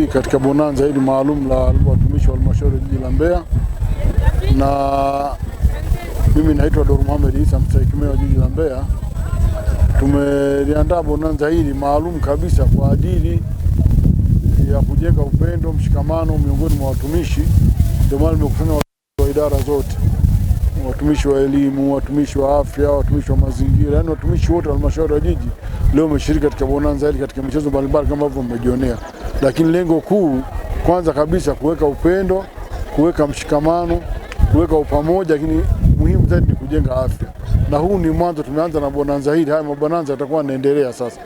hii katika bonanza hili maalum la watumishi wa halmashauri jiji la Mbeya, na mimi naitwa Dr. Mohamed Isa mstahiki meya wa jiji la Mbeya. Tumeliandaa bonanza hili maalum kabisa kwa ajili ya kujenga upendo, mshikamano miongoni mwa watumishi. Ndio maana nimekutana wa idara zote, watumishi wa elimu, watumishi wa afya, watumishi wa mazingira, yaani watumishi wote wa halmashauri ya jiji leo wameshiriki katika bonanza hili katika michezo mbalimbali kama ambavyo mmejionea lakini lengo kuu kwanza kabisa kuweka upendo, kuweka mshikamano, kuweka upamoja, lakini muhimu zaidi ni kujenga afya. Na huu ni mwanzo, tumeanza na bonanza hili. Haya mabonanza yatakuwa yanaendelea sasa,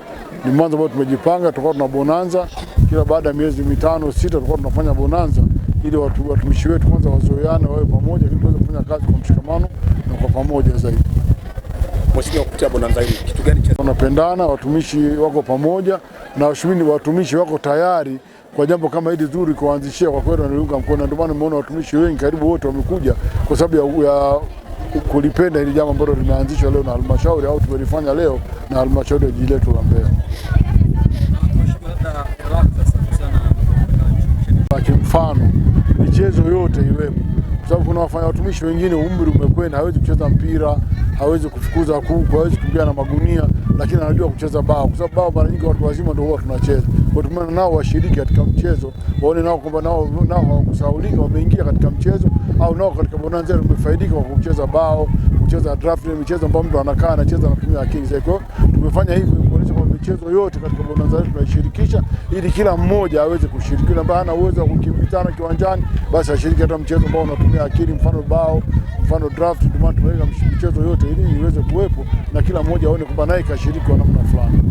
ni mwanzo ambao tumejipanga, tutakuwa tuna bonanza kila baada ya miezi mitano sita, tutakuwa tunafanya bonanza ili watu, watumishi wetu kwanza wazoeane, wawe pamoja, ili tuweze kufanya kazi kwa mshikamano na kwa pamoja zaidi. Mheshimiwa, kupitia bonanza hili kitu gani cha wanapendana, watumishi wako pamoja na washimini watumishi wako tayari kwa jambo kama hili zuri kuanzishia, kwa kweli wanaliunga mkono. Ndio maana umeona watumishi wengi karibu wote wamekuja kwa sababu ya, ya kulipenda hili jambo ambalo limeanzishwa leo na halmashauri au tumelifanya leo na halmashauri ya jiji letu la Mbeya. Kimfano michezo yote iwepo, kwa sababu kuna wafanya watumishi wengine umri umekwenda, hawezi kucheza mpira hawezi kufukuza kuku, hawezi kukimbia na magunia, lakini anajua kucheza bao, kwa sababu bao mara nyingi watu wazima ndio huwa tunacheza. tumana nao washiriki katika mchezo, waone nao kwamba nao nao hawakusahaulika, wameingia katika mchezo, au nao katika bonanza tumefaidika kwa kucheza bao, kucheza draft, michezo ambayo mtu anakaa anacheza anatumia ya zake. Kwa hiyo tumefanya hivyo michezo yote katika bonanza letu tunaishirikisha, ili kila mmoja aweze kushiriki. ambaye hana uwezo wa kukimbizana kiwanjani, basi ashiriki hata mchezo ambao unatumia akili, mfano bao, mfano draft. Ndio maana tunaweka michezo yote ili iweze kuwepo na kila mmoja aone kwamba naye kashiriki kwa namna fulani.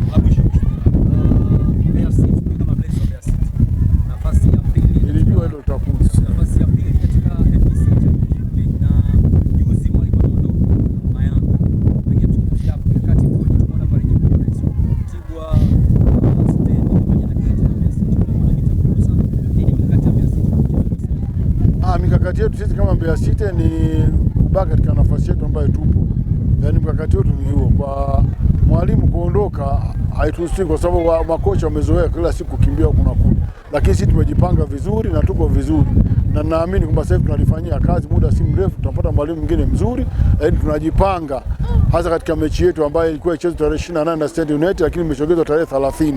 yetu sisi kama Mbeya City ni kubaki katika nafasi yetu ambayo tupo, yaani mkakati wetu ni huo. Kwa mwalimu kuondoka haitusii, kwa sababu wa makocha wamezoea kila siku kukimbia huku na kule, lakini sisi tumejipanga vizuri na tuko vizuri, na naamini kwamba sasa hivi tunalifanyia kazi, muda si mrefu tutapata mwalimu mwingine mzuri, lakini tunajipanga hasa katika mechi yetu ambayo ilikuwa ichezwe tarehe 28 na Stand United, lakini imechogezwa tarehe 30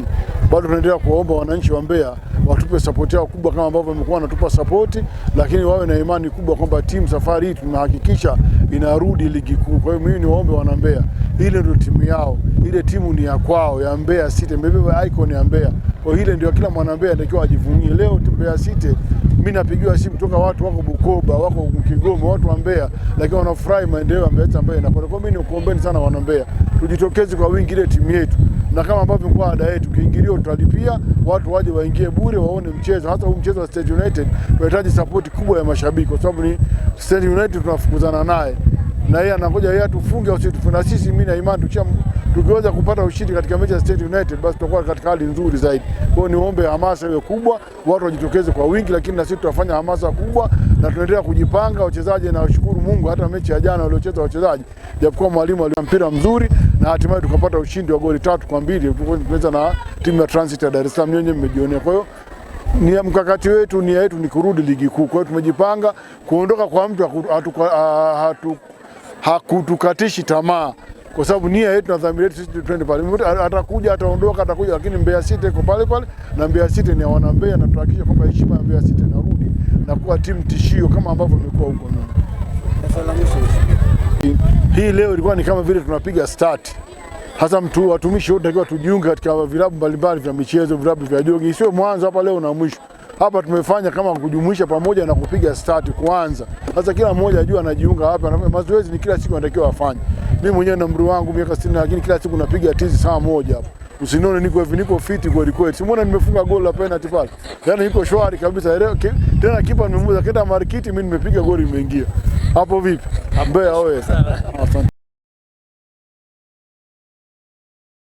bado tunaendelea kuwaomba wananchi wa Mbeya watupe sapoti yao kubwa kama ambavyo wamekuwa wanatupa sapoti, lakini wawe na imani kubwa kwamba timu safari hii tunahakikisha inarudi ligi kuu. Kwa hiyo mimi niwaombe wana Mbeya, ile ndio timu yao, ile timu ni ya kwao, ya Mbeya City, imebeba icon ya Mbeya. Kwa hiyo ile ndio kila mwana Mbeya anatakiwa ajivunie. Leo Mbeya City mimi napigiwa simu toka watu wako Bukoba, wako Kigoma, watu wa Mbeya, lakini wanafurahi maendeleo ya Mbeya ambayo inakwenda. Kwa hiyo mimi ni nikuombeni sana wana Mbeya, tujitokeze kwa wingi ile timu yetu na kama ambavyo kwa ada yetu kiingilio tutalipia, watu waje waingie bure waone mchezo. Hasa huu mchezo wa State United tunahitaji sapoti kubwa ya mashabiki, kwa sababu ni State United tunafukuzana naye na yeye anangoja yeye atufunge au situfunge. Na sisi mimi na imani tukiweza kupata ushindi katika mechi ya State United, basi tutakuwa katika hali nzuri zaidi. Kwa hiyo niombe hamasa iwe kubwa, watu wajitokeze kwa wingi, lakini na sisi tutafanya hamasa kubwa na tunaendelea kujipanga. Wachezaji na washukuru Mungu, hata mechi ya jana waliocheza wachezaji, japokuwa mwalimu aliwa mpira mzuri na hatimaye tukapata ushindi wa goli tatu kwa mbili tukiweza na timu ya Transit ya Dar es Salaam, nyenye mmejionea. Kwa hiyo ni mkakati wetu nia yetu ni kurudi ligi kuu. Kwa hiyo tumejipanga kuondoka kwa mtu hatu, hakutukatishi tamaa, kwa sababu nia yetu na dhamira yetu sisi twende pale. Atakuja, ataondoka, atakuja, lakini Mbeya City iko pale pale na Mbeya City ni wana Mbeya, na tuhakikisha kwamba heshima ya Mbeya City inarudi na kuwa timu tishio kama ambavyo imekuwa huko nyuma. Hii leo ilikuwa ni kama vile tunapiga start. Hasa mtu watumishi wote takiwa tujiunge katika vilabu mbalimbali vya michezo, vilabu vya jogi, sio mwanzo hapa leo na mwisho. Hapa tumefanya kama kujumuisha pamoja na kupiga start kwanza, Sasa kila mmoja ajue anajiunga hapa, na mazoezi ni kila siku anatakiwa afanye. Mimi mwenyewe na umri wangu miaka 60, lakini kila siku napiga tizi saa moja hapa. Usinione niko hivi, niko fiti kweli kweli. Simuona nimefunga goli la penalty pale, yani niko shwari kabisa. Tena kipa nimemuza kenda marikiti, mimi nimepiga goli, imeingia. Apo VIP. BAOS.